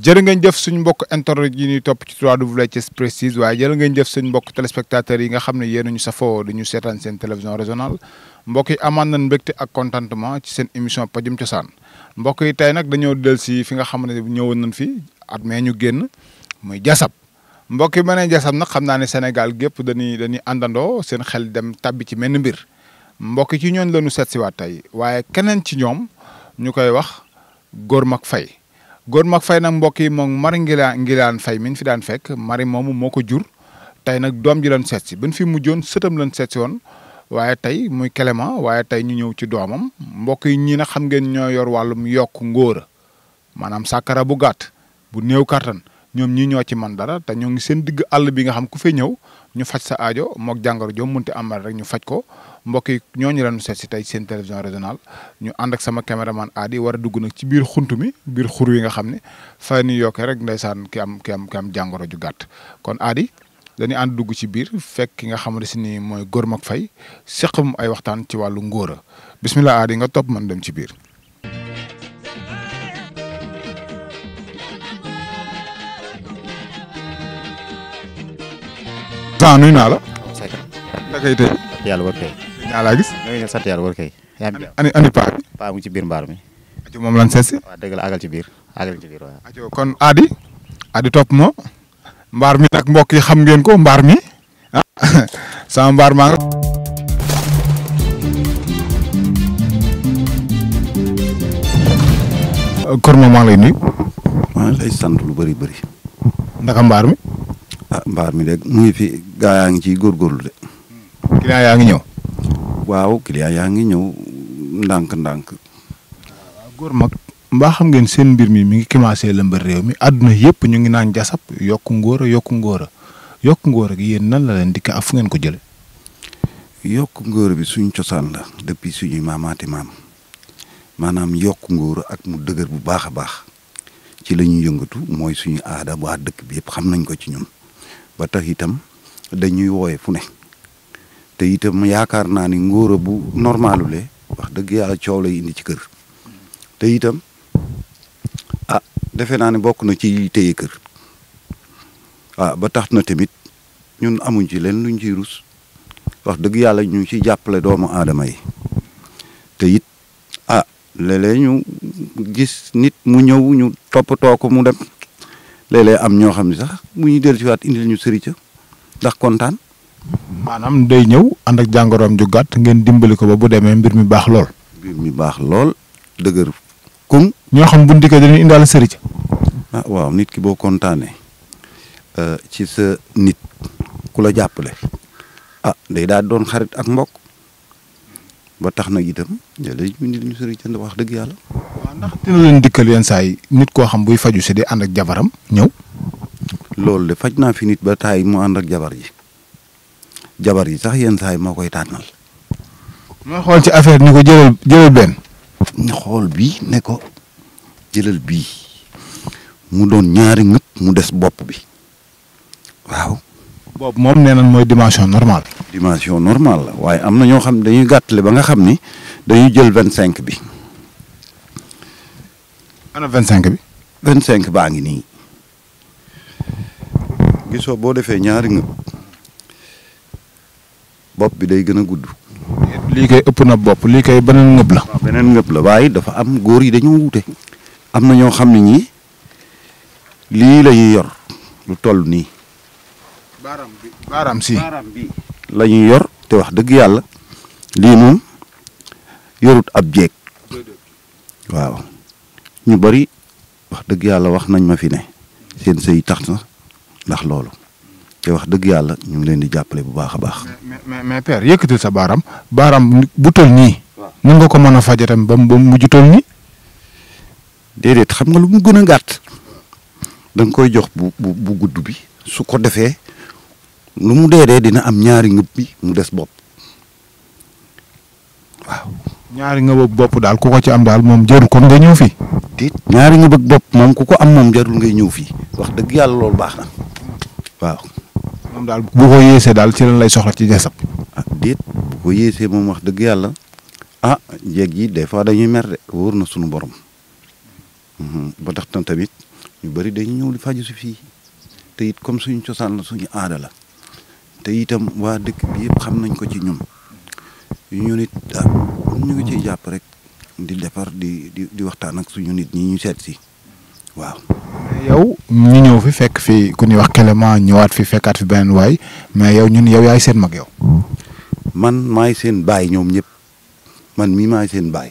jërë ngeen jëf suñu mbokk internet yi ñuy topp ci 3W Thiès Prestige waaye jërë ngeen jëf suñu mbokk téléspectateurs yi nga xam ne yéen a ñu safoo di ñu seetaan seen télévision régionale mbokk yi amaan nañ mbégte ak contentement ci seen émission pajum cosaan mbokk yi tey nag dañoo del si fi nga xam ne ñëwoon nañ fi at mee ñu génn muy jasab mbokk yi ma ne jasab nag xam naa ne Sénégal gépp dañuy dañuy àndandoo seen xel dem tabbi ci menn mbir mbokk ci ñooñ lañu seet si waat tey waaye keneen ci ñoom ñu koy wax Gormak Faye góor mag fay nag mbokk yi moom mari ngila ngilaan fay min fi daan fekk mari moomu moo ko jur tey nag doom ji lan seet si buñ fi mujjoon sëtam lan seet si woon waaye tey muy Clément waaye tey ñu ñëw ci doomam mbokk yi ñii nag xam ngeen ñoo yor wàllum yokk ngóora maanaam sàkkara bu gàtt bu néew kattan ñoom ñii ñoo ci man dara te ñoo ngi seen digg àll bi nga xam ku fee ñëw ñu faj sa aajo mook jàngoro joo munti amal rek ñu faj ko mbokk yi ñoo ñu lañu si tey seen télévision régionale ñu ànd ak sama caméraman aadi war a dugg nag ci biir xuntu mi biir xur wi nga xam ne fa ñu yokkee rek ndeysaan ki am ki am ki am jàngoro ju gàtt kon aadi dañuy ànd dugg ci biir fekk ki nga xamante si ni mooy gor mag fay seqam ay waxtaan ci wàllu bismillah aadi nga top man dem ci biir ñaa laa gis ñoo ngi sant yàlla wër kay yaa ani ani pa? Pa, paa mu ci biir mbaar mi ajo moom lan seesi waaw dëgg agal ci biir agal ci biir waaw ajo kon adi? Adi topp moo mbaar mi nag mbokk yi xam ngeen ko mbaar mi ah sama mbaar maa nga eh, kor moom maa ngi lay nuyu maa ngi lay sant lu bëri bëri ndaka mbaar mi ah mi de mu fi gaa yaa ngi ciy góorgóorlu de client yaa ngi waaw client yaa ngi ñëw ndànk-ndànk. waaw góor mag mbaa xam ngeen seen mbir mi mi ngi commencé lëmbër réew mi àdduna yëpp ñu ngi naan jasab yokku ngóor a yokku ngóor a yéen nan la leen di ak fu ngeen ko jële yokk ngóor bi suñ cosaan la depuis suñuy maamaati maam maanaam yokku ngóor ak mu dëgër bu baax a baax ci la ñuy yëngatu mooy suñu aada waa dëkk bi yëpp xam nañ ko ci ñun ba tax itam dañuy wooye fu ne. te itam yaakaar naa ni ngóora bu normalule wax dëgg yàlla coow lay indi ci kër te itam ah defe naa ni bokk na ci téye kër ah ba tax na tamit ñun amuñ ci leen luñ ciy rus wax dëgg yàlla ñu ci jàppale doomu aadama te it ah léeg-léeg ñu gis nit mu ñëw ñu toppatoo ko mu dem léeg-léeg am ñoo xam ne sax bu ñuy dellu si waat indil ñu ndax kontaan maanaam day ñëw ànd ak jàngoroom ju gàtt ngeen dimbali ko ba bu demee mbir mi baax lool. mbir baax lool dëgër bu ndikkee dañuy indaale ah, waaw nit ki boo kontaanee euh, ci sa nit ku la jàppale. ah day daal doon xarit ak mbokk ba tax na itam léeg wax dëgg yàlla. dina leen dikkal yenn saa nit koo xam buy faju si di ànd ak jabaram ñëw. loolu de faj naa fi nit ba taay mu ànd ak jabar ji. jabar yi sax yenn saa yi moo koy tànnal. ma xool ci affaire ni ko jëlal jëlal benn. xool bii ne ko jëlal bii mu doon ñaari ñëpp mu des bopp bi waaw. bopp moom nee mooy dimension normal dimension normal la waaye am na ñoo xam ne dañuy gàttale ba nga xam ni dañuy jël vingt cinq bi. ana vingt cinq bi. vingt cinq baa ngi nii. gisoo boo defee ñaari ñëpp. bop bi day gëna gudd li kay ëpp na bop li kay benen ngëb la benen ngëb la dafa am gori yi dañu wuté am na ñoo xam ne li la yor lu toll ni baram bi baram si baram bi la yor te wax dëgg yalla li mom yorut ab jek waaw ñu bari wax dëgg yalla wax nañ ma fi ne seen sey taxna ndax loolu te wax dëgg yàlla ñu ngi leen di jàppale bu baax a baax. mais mais mais père yëkkatil sa baaraam baaraam bu toll nii. mun nga ko mën a faje tamit ba mu mujj toll nii. déedéet xam nga lu mu gën a gàtt da koy jox bu bu bu gudd bi su ko defee lu mu dee dee dina am ñaari ngëb bi mu des bopp waaw. ñaari nga bëgg bopp daal ko ko ci am daal moom jarul kon nga ñëw fii. déet ñaari nga bëgg bopp moom ku ko am moom jarul ngay ñëw fii wax dëgg yàlla loolu baax na moom daal bu ko yéesee daal ci lan lay soxla ci jasab ah déet bu ko yéesee moom wax dëgg yàlla ah jéeg yi des fois dañuy mer de wóor na suñu borom mhm, ba tax tam tamit ñu bari dañuy ñëw di faju si fii te it comme suñu cosaan la suñu aada la te itam waa dëkk bi yëpp xam nañ ko ci ñun ñu nit ah ñu ngi ciy jàpp rek di defar di di di waxtaan ak suñu nit ñi ñu seet si waaw yow ñu ñëw fi fekk fi ku ñu wax Clément ñëwaat fi fekkaat fi beneen waay mais yow ñun yow yaay seen mag yow. man maay seen baay ñoom ñëpp man mii maay seen baay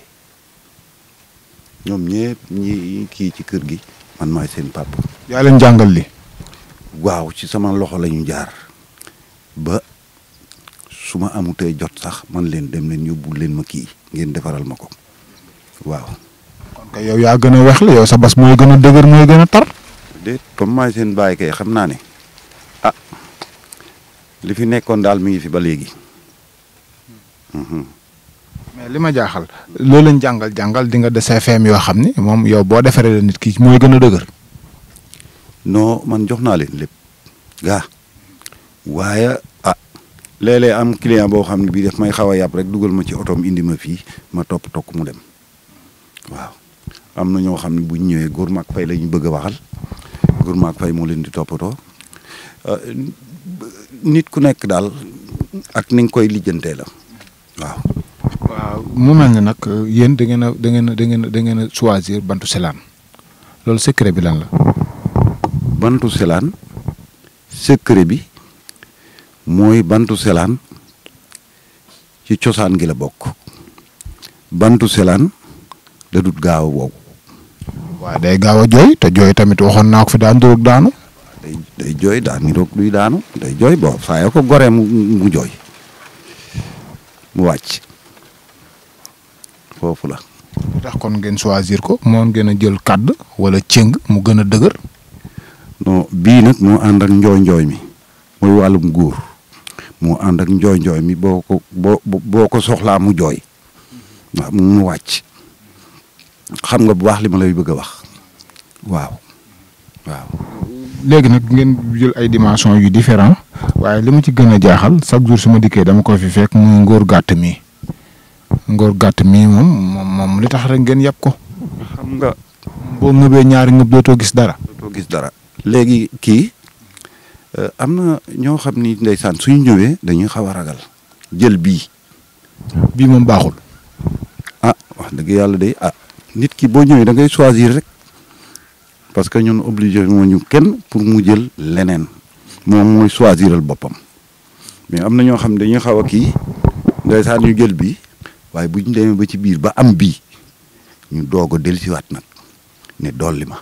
ñoom ñëpp ñi kii ci kër gi man maay seen papa. yaa leen jàngal li waaw ci sama loxo lañu ñu jaar ba suma ma amutee jot sax man leen dem leen yóbbu leen ma kii ngeen defaral ma ko waaw. kon kay yow yaa gën a wex yow sa bas mooy gën a dëgër mooy tar. déet comme maay seen bàyyi xam naa ne ah li fi nekkoon daal mi ngi fi ba léegi. Hmm. mais li ma jaaxal loolu lañ jàngal jàngal di nga dese yoo xam ni moom yow boo defaree la nit kii mooy gën a dëgër. non man jox naa leen lépp gaa waaye ah léeg am client boo xam ne bii def may xaw a yàpp rek dugal ma ci otoom indi ma fii ma topp tokk mu dem waaw am na ñoo xam ne buñ ñëwee góor mag fay la ñu bëgg a waxal Gourma ak Faye moo leen di toppatoo euh, nit ku nekk daal ak ni nga koy lijjantee la waaw. mu mel ne nag euh, yéen da ngeen dangeen dangeen ngeen a da ngeen a choisir Bantu Selaan loolu secret bi lan la. Bantu Selaan secret bi mooy Bantu Selaan ci cosaan gi la bokk Bantu Selaan da gaaw a waaye day gaaw a jooy te jooy tamit waxoon naa ko fi daan niroog daanu. jooy daan luy daanu day jooy bon saa ko goree mu mu jooy mu wàcc foofu la. lu tax kon ngeen choisir ko moo ngeen a jël kàdd wala cëng mu gën a dëgër. non bii nag moo ànd ak njooy njooy mi mooy wàllum góor mu ànd ak njooy njooy mi boo ko boo soxlaa mu jooy waaw mu wàcc. xam nga bu baax li ma lay bëgg wax waaw waaw. léegi nag ngeen jël ay dimension yu différent waaye li ma ci gën a jaaxal chaque jour su ma dikkee dama koy fi fekk muy ngóor gàtt mi ngóor gàtt mi moom moom moom li tax rek ngeen yàpp ko. xam nga boo ngëbee ñaari ngëb dootoo gis dara. dootoo gis dara léegi kii euh, am na ñoo xam ni ndeysaan suñu ñëwee dañuy xaw a ragal jël bii. bii moom baaxul. ah wax dëgg yàlla day ah. nit ki boo ñëwee dangay choisir rek parce que ñun obligé moo ñu kenn pour mu jël leneen moom mooy choisiral boppam mais am na ñoo xam dañuy xaw a kii ndeysaan ñu jël bi waaye bu ñu demee ba ci biir ba am bii ñu doog a dellusiwaat nag ne dolli ma.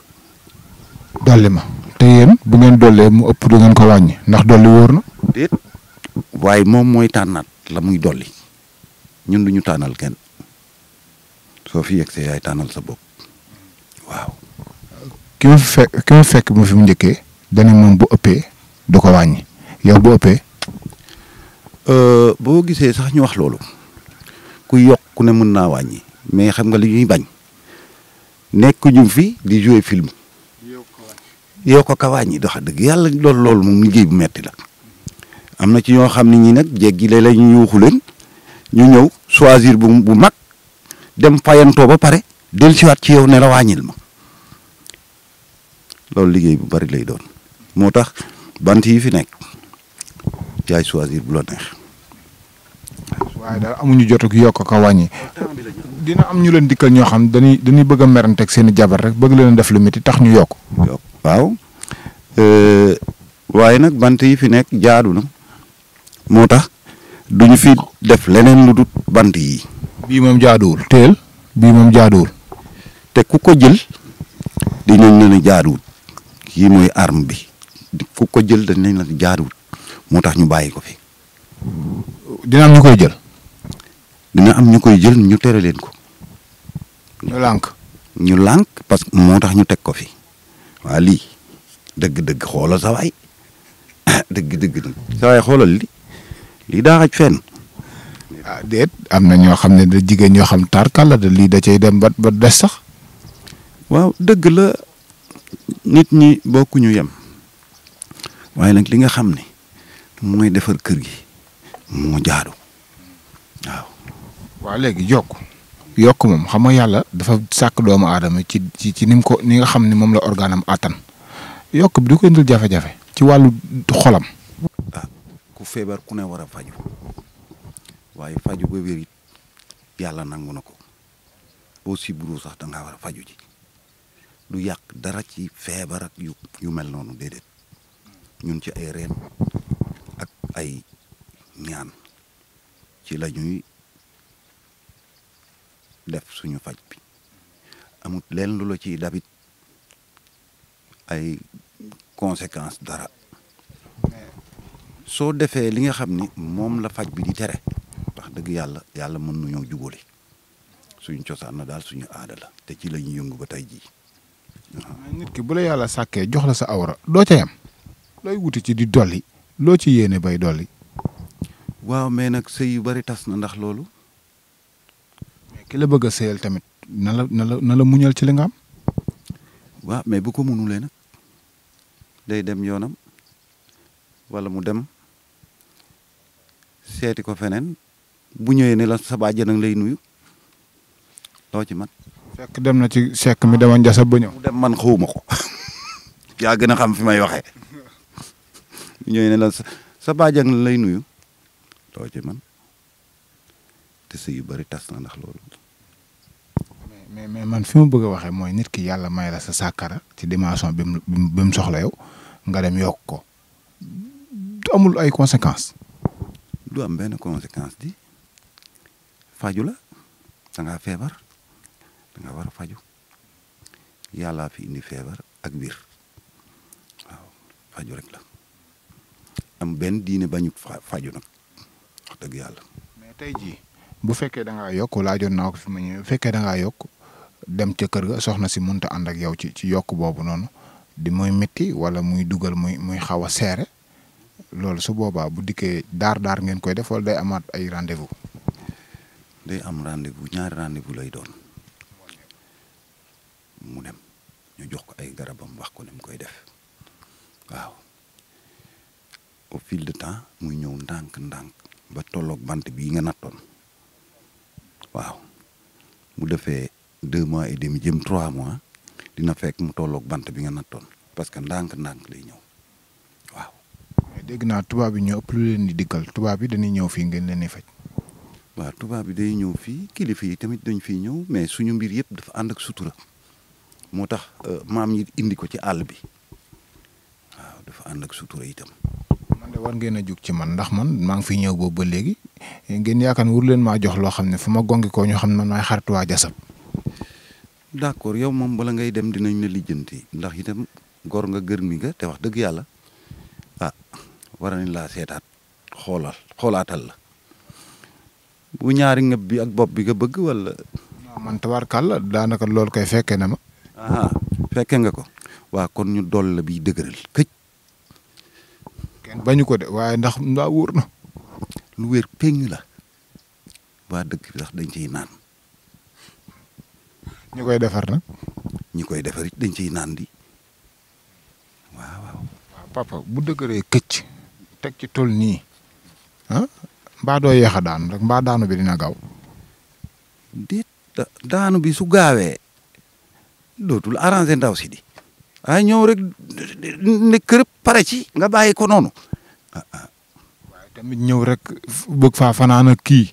dolli ma te yéen bu ngeen dollee mu ëpp du ko wàññi ndax dolli wóor na. déet waaye moom mooy tànnaat la muy dolli ñun du tànnal kenn. soo fi yegg see yaay tànnal sa bopp waaw. ki mu fe ki fekk mu fi mu njëkkee dañu moom bu ëppee du ko wàññi yow bu ëppee. Euh, boo gisee sax ñu wax loolu ku yokk ne mën naa wàññi mais xam nga li ñuy bañ nekk ñu fi di jouer film. yow wàññi dox dëgg yàlla loolu loolu moom liggéey bu metti la am na ci ñoo xam ne ñi nag jéggi léeg-léeg yuuxu leen ñu ñëw choisir bu mag dem fayantoo ba pare del siwaat ci yow ne la wàññil ma loolu liggéey bu bari lay doon moo tax bant yi fi nekk yaay choisir bu la neex. waaye daal amuñu jot ak yokk ko wàññi. dina am ñu leen dikkal ñoo xam dañuy dañuy bëgg a meranteeg seen jabar rek bëgg leen def lu métti tax ñu yokk. waaw waaye nag bant yi fi nekk jaadu na moo tax duñu fi def leneen lu dut bant yi. bii moom jaaduwul teel bii moom jaaduwul. te ku ko jël dinañ leen a jaaduwul kii mooy arme bi ku ko jël nañ leen a jaaduwul moo tax ñu bàyyi ko fi. dina am ñu koy jël. dina am ñu koy jël ñu tere leen ko. ñu lànk. ñu lànk parce que moo tax ñu teg ko fi waa lii dëgg-dëgg xoolal sa dëgg-dëgg nag sa li lii daa xaj ah déet am na ñoo xam ne da jigéen ñoo xam tarkalla da lii da cay dem ba ba des sax. waaw dëgg la nit ñi bokkuñu yem waaye nag li nga xam ne mooy defar kër gi moo jaadu waaw. waaw léegi yokk yokk moom xam nga yàlla dafa sàkk doomu aadama ci ci ci ni ko ni nga xam ne moom la organam attan yokk bi du ko indil jafe-jafe ci wàllu xolam. Ah, ku feebar ku ne war a faju waaye faju ba wér yàlla nangu na ko aussi sibiroo sax da ngaa war a faju ji du yàq dara ci feebar ak yu mel noonu déedéet ñun ci ay reen ak ay ñaan ci la ñuy def suñu faj bi amut leen lu la ciy dabit ay conséquences dara soo defee li nga xam ni moom la faj bi di tere dëgg yàlla yàlla mën nañoo jubóole suñu cosaan na daal suñu aada la te ci lañu yëngu ba tey jii. nit ki bu la yàlla sàkkee jox la sa awra doo ca yam looy wuti ci di dolli loo ci yéene bay dolli. waaw mais nag sëy yu bari tas na ndax loolu. mais ki la bëgg a tamit na la na la na la muñal ci li nga am. waaw mais bu ko mënulee nag day dem yoonam wala mu dem seeti ko feneen. bu ñëwee ne la sa bàjjen nag lay nuyu loo ci man fekk dem na ci sekk mi demoon jasa ba ñëw. mu dem man xawma ko yaa gën a xam fi may waxee bu ñëwee ne la sa bàjjen lay nuyu loo man te sëy yu bari tas na ndax loolu. mais mais man fi mu bëgg a waxee mooy nit ki yàlla may la sa sàkkara ci dimension bi mu bi mu soxla yow nga dem yokk ko amul ay conséquences. du am benn conséquence di. faju la da nga febar da nga war faju yalla fi indi febar ak bir waaw faju rek la am ben diine bañu faju nak wax deug yalla mais tay ji bu fekke da yok la jot na ko fimu fekke da nga yok dem ci keur ga soxna si munta and ak yow ci ci yok bobu non di moy metti wala muy dugal muy muy xawa séré lolou su dar bu diké dar dar ngeen koy def wala day amat ay rendez-vous day am rendez-vous ñaar rendez-vous lay doon mu dem ñu jox ko ay garabam wax ko nim koy def waaw au fil de temps muy ñëw ndank ndank ba tolok bant bi nga natton waaw mu defee deux mois et demi jëm trois mois dina fekk mu tolok bant bi nga natton parce que ndank ndank lay ñëw waaw. dégg naa tubaab bi ñoo ëpp lu leen di diggal tubaab bi dañuy ñëw fii ngeen leen di faj waaw tubaab bi day ñëw fii kilifa yi tamit dañ fiy ñëw mais suñu mbir yëpp dafa ànd ak sutura moo tax euh, maam yi indi ko ci àll bi waaw dafa ànd ak sutura itam. man de war ngeen a jug ci man ndax man maa ngi fi ñëw boobu ba léegi ngeen yaakaar ne leen maa jox loo xam ne ma gongi koo ñu xam ne man maay waa jasab. d' accord yow moom bala ngay dem dinañ la lijjanti ndax itam gor nga gër mi nga te wax dëgg yàlla ah war nañ laa seetaat xoolal la bu ñaari ngeb bi ak bop bi nga bëgg wala. man da naka lol koy fekke na ma. fekke nga ko wa kon ñu dol la bi degeural kecc ken bañu ko de waye ndax nda wurna lu wër péng la wa dëkk bi sax dañ ciy naan. ñi koy defar na ñi koy defar dañ ciy naan di waaw waaw. papa bu degeure kecc tek ci tol ni ah mbaa doo yéex a daanu rek mbaa daanu bi dina gaaw. déet daanu bi su gaawee dootul arrangé ndaw sidi di ay ah, ñëw rek ne pare ci nga bàyyi ko noonu. Ah, ah. waaye tamit ñëw rek bëgg faa fanaan ak kii.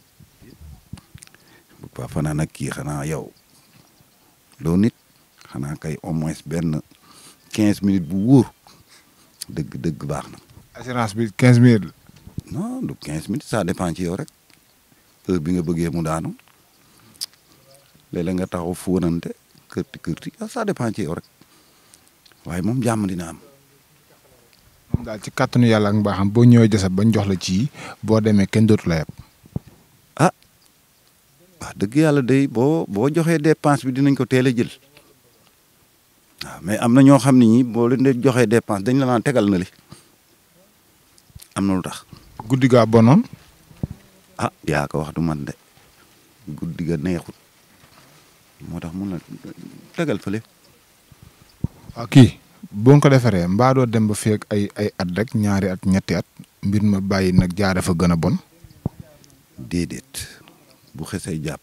bëgg faa fanaan ak kii xanaa yow doo nit xanaa kay au moins benn quinze minutes bu wóor dëgg dëgg baax na. assurance bi quinze minutes la. non du 15 minutes sa dépend ci yow rek bi nga bëggee mu daanu léeg-léeg nga taxaw fóonante kërti kërti ah ça dépend rek waaye moom jàmm dina am. moom daal ci kàttanu yàlla ak mbaaxam boo ñëwee jasab bañ jox la ci boo demee kenn dootu la yab. ah wax dëgg yàlla day boo boo joxee dépense bi dinañ ko teel a jël waaw mais am na ñoo xam ne ñi boo leen di joxee dépense dañ la naan tegal na li am na lu tax. guddi gaa bonoon. ah yaa ko wax du man de guddi ga neexut moo tax mun na tegal fële. waaw ah, kii boo ko defaree mbaa doo dem ba feeg ay ay at rek ñaari at ñetti at mbir ma bàyyi nag jaare fa gën a bon. déedéet bu xesee jàpp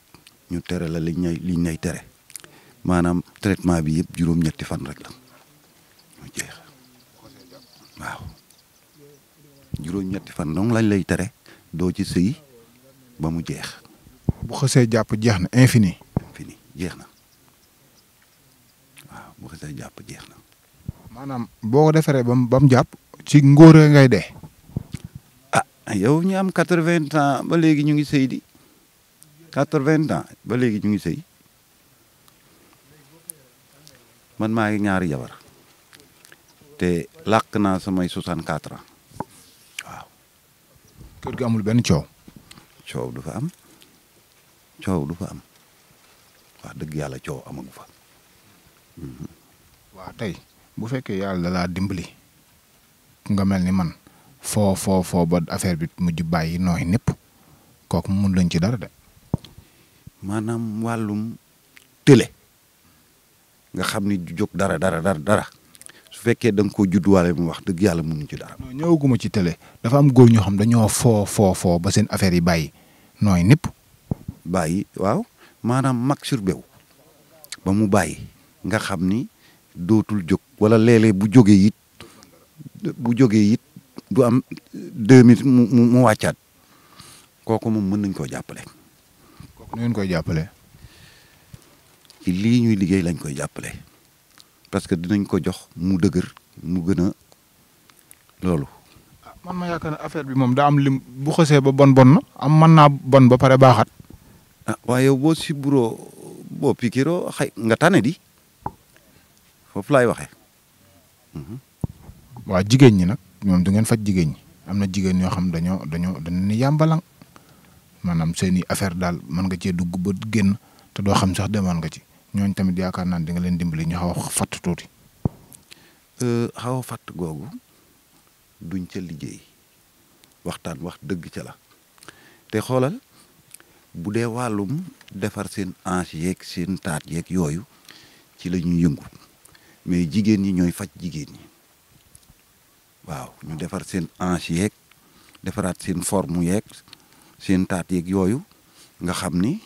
ñu tere la liñ ñay tere maanaam traitement bi yëpp juróom-ñetti fan rek la mu jeex waaw. juróom-ñetti fan donc lañ lay tere doo ci sëy ba mu jeex. bu xasee jàpp jeex na infini. infini jeex na waaw bu xasee jàpp jeex na. maanaam boo ko defaree ba mu ba mu jàpp. ci ngóor ngay dee. ah yow ñu am quatre-vingts ans ba léegi ñu ngi sëy di quatre-vingts ans ba léegi ñu ngi sëy man maa ngi ñaari jabar te làkk naa samay soixante-quatre ans. kër gi amul benn coow. coow du fa am coow du fa am wax dëgg yàlla coow amagu fa. Mhm. waa tey bu fekkee yàlla dalaa dimbali nga mel ni man foo foo foo ba affaire bi mujj bàyyi nooy népp kookum mun lañ ci dara de. maanaam wàllum tële nga xam ni jóg dara dara dara fekkee da nga koo judduwaale mu wax dëgg yàlla mënuñu ci dara. non ñëwaguma ci télé dafa am góor ñoo xam dañoo foo foo foo ba seen affaire yi bàyyi nooy népp bàyyi waaw maanaam mag surbew ba mu bàyyi nga xam ni dootul jóg wala léeg bu jógee it bu jógee it du am deux minutes mu mu wàccaat kooku moom mën nañ koo jàppale. kooku nu koy jàppale. ki lii ñuy liggéey lañ koy jàppale. parce que dinañ ko jox mu dëgër mu gëna lolu man ma yakana affaire bi mom da am lim bu xosse ba bon bon am man na bon ba pare baxat ah, wa yow bo si bureau bo pikiro xay nga tane di foofu laay waxee. Mhm. wa jigéñ ñi nak ñom du ngeen faj jigéñ ñi am na jigéen ñoo xam dañoo dañoo dañu ni yambalang manam seeni affaire dal man nga ci dugg ba genn te do xam sax demal nga ci ñooñu tamit yaakaar naan di nga leen dimbali ñu xaw fatt tuuti. Euh, xaw fatt googu duñ ca liggéey waxtaan wax dëgg ca la te xoolal bu dee wàllum defar seen ange yeeg seen taat yeeg yooyu ci la ñuy yëngu mais jigéen ñi ñooy faj jigéen ñi waaw ñu defar seen ange yeeg defaraat seen forme yeeg seen taat yeeg yooyu nga xam ni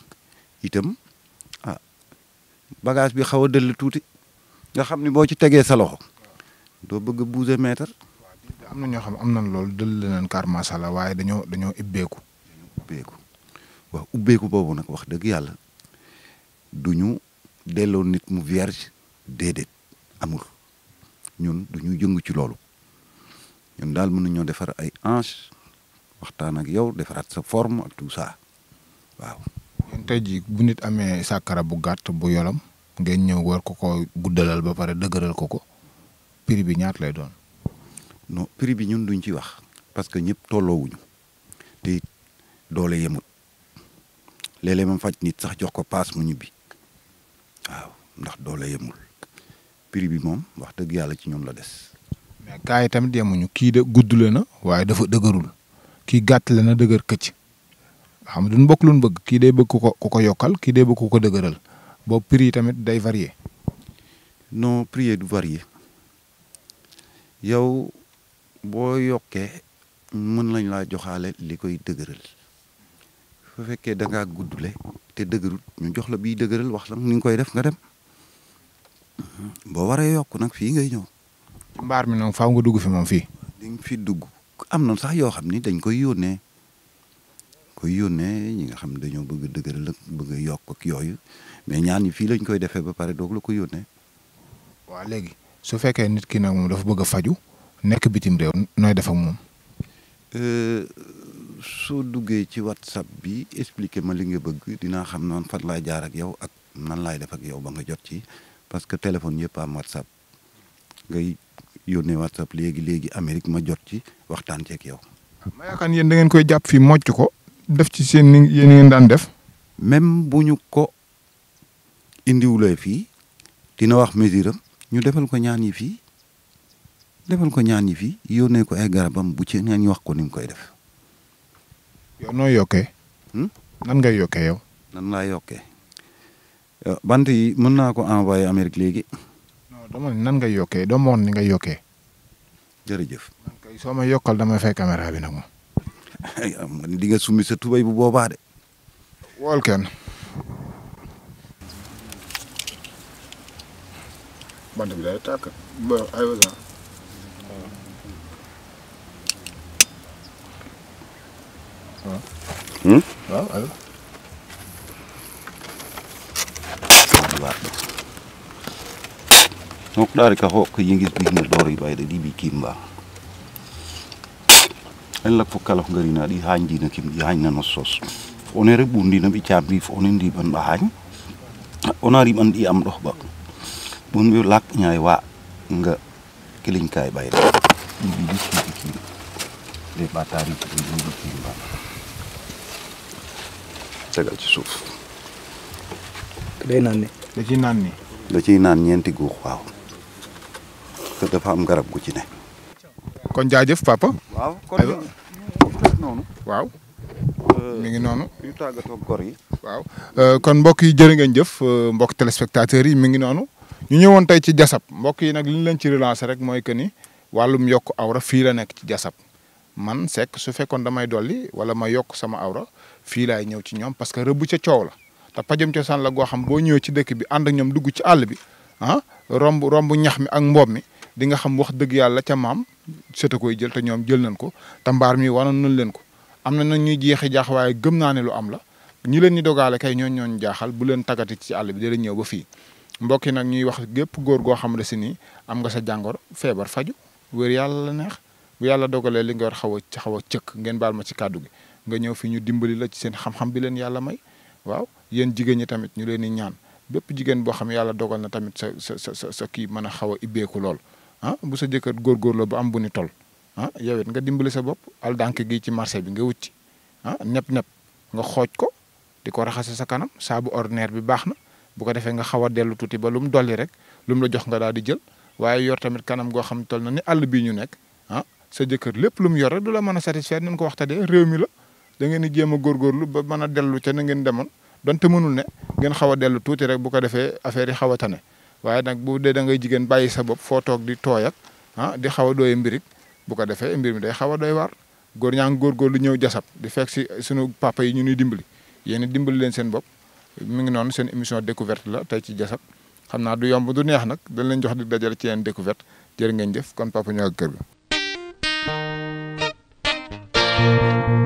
itam. bagage bi xaw a dëll tuuti nga xam ne boo ci tegee sa loxo doo bëgg a bouger mètre. am na ñoo xam am na loolu dëll nañ kaar macha allah waaye dañoo dañoo ubbeeku. ubbeeku waaw ubbeeku boobu nag wax dëgg yàlla du ñu delloo nit mu vierge déedéet amul ñun duñu ñu ci loolu ñun daal mën nañoo defar ay hanche waxtaan ak yow defaraat sa forme ak tout ça waaw. tey jii bu nit amee sàkkara bu gàtt bu yolam ngeen ñëw war ko ko guddalal ba pare dëgëral ko ko prix bi ñaat lay doon. no prix bi ñun duñ ci wax parce que ñëpp tolloowuñu te doole yemut léeg-léeg ma faj nit sax jox ko paas mu ñibbi waaw ndax doole yemul prix bi moom wax dëgg yàlla ci ñun la des. mais gaa yi tamit yemuñu kii de guddule na waaye dafa dëgërul kii gàttale na dëgër këcc. xam duñ bokk luñ bëgg kii day bëgg ku ko ku ko yokkal kii day bëgg ku ko dëgëral boobu prix yi tamit day varier. non prix du varier yow boo yokkee mën lañ laa joxaale li koy dëgëral su fekkee da ngaa guddule te dëgërut ñu jox la biy dëgëral wax la ni nga koy def nga dem boo waree yokk nag fii ngay ñëw. mbaar mi noonu faw nga dugg fi moom fii. di nga fi dugg am na sax yoo xam ni dañ koy yónnee. koy yónnee ñi nga xam ne dañoo bëgg a dëgëral ak bëgg a yokk ak yooyu mais ñaan yi fii lañ koy defee ba pare doog la ko yónnee. waaw léegi su fekkee nit ki nag moom dafa bëgg a faju nekk bitim réew nooy def ak moom. Euh, soo duggee ci whatsapp bi expliquer ma li nga bëgg dinaa xam noonu fan laay jaar ak yow ak nan laay def ak yow ba nga jot ci parce que téléphone yëpp am whatsapp ngay yónnee whatsapp léegi léegi Amérique ma jot ci waxtaan ceek yow. ma yaakaar yéen ngeen koy jàpp def ci seen ni yéen ngeen daan def. même bu ñu ko indiwulee fii dina wax mesure ñu defal ko ñaan yi fii defal ko ñaan yi fii yónnee ko ay garabam bu ci neen ñu wax ko ni mu koy def. yow noo yokkee. Hmm? nan ngay yokkee yow. nan laa yokkee euh, bant mën naa ko envoyé Amérique léegi. non dama nan ngay yokkee doo ma ni ngay yokkee. jërëjëf. soo ma yokkal dama fay caméra bi nag moom. am nga ni di nga sa tubay bu boobaa de. wool kenn. bant bi day tàkk ba ay wasan hmm? waaw ay nok ɗaari ka ho ko en lak fo kala di garina ɗi hañdina kim ɗi hañnano sos one bundi na bi cabri fo onen ban ɓa on ona man di am ɗo ɓa ɗum ɓe lak nyai e wa nga kilin kay ɓayre e ɗiɓi ɗi kiɗi kiɗi ɗe di ɗi ɗiɗi kiɗi mba tegal ci suuf day nanni da ciy nanni da ciy naan ñeenti guux waaw te dafa am garab gu ci ne kon jaajeuf papa. waaw kon nonu waaw. Euh, mi ngi nonu yu tagato gor yi. waaw euh, kon mbokk yi jeere ngeen jëf euh, mbokk téléspectateurs yi mi ngi nonu ñu ñewon tay ci jasab mbokk yi nak liñ leen ci relancer rek moy que ni wàllum awra fi la nek ci jasab man sek su fekkon damay doli wala ma yok sama awra fi lay ñew ci ñom parce que rebu ci ciow la te pajam san la go xam bo ñew ci dekk bi and ak ñom dugg ci all bi ah rombu rombu ñax mi ak mbom mi di nga xam wax deug yalla ca mam sëta koy jël te ñoom jël nañ ko te mbaar mi wanoon nañ leen ko am na nag ñuy jeexe jaax waaye gëm naa ne lu am la ñi leen ñi dogaale kay ñooñ ñooñ jaaxal bu leen tagati ci àll bi da leen ñëw ba fii mbokk yi nag ñuy wax gépp góor goo xam ne si nii am nga sa jàngoro feebar faju wér yàlla la neex bu yàlla dogalee li nga war xaw a xaw a cëkk ngeen baal ma ci kàddu gi nga ñëw fii ñu dimbali la ci seen xam-xam bi leen yàlla may waaw yéen jigéen ñi tamit ñu leen di ñaan bépp jigéen boo xam yàlla dogal na tamit sa sa sa sa kii mën a xaw a ibbeeku lool ah bu sa gor góorgóorloo bu am bu ni tol ah yawet nga dimbali sa al dank gi ci marché bi nga wutti nepp-nepp ah, nga xoj ko di raxasse sa kanam bu ordinaire bi baxna bu ko defé nga xawa delu tuti ba lu doli rek lum la jox nga daal di jël waye yor tamit kanam go xam tol na ni all bi ñu nek ah sa jëkkat lepp lum yor rek du la mën satisfaire ñu ko waxta waxtaanee réew mi la da ngeen jema gor gor lu ba mëna delu ci na ngeen demone donte mënul ne ngeen xawa delu tuti rek bu ko defé affaire yi xawa waye nak bu de da ngay jigen baye sa bop fo tok di toyak, ha, ah, di xawa doy mbirik bu ko defé mbir mi day xawa doy war gor ñang gor gor lu ñew jassap di fek si suñu papa yi ñu ni dimbali yéen dimbali len sen bop mi ngi non sen émission découverte la tay ci jassap xamna du yomb du neex nak dañ leen jox di dajal ci yeneen découverte jeer ngeen jëf kon papa ñoo ak kër you.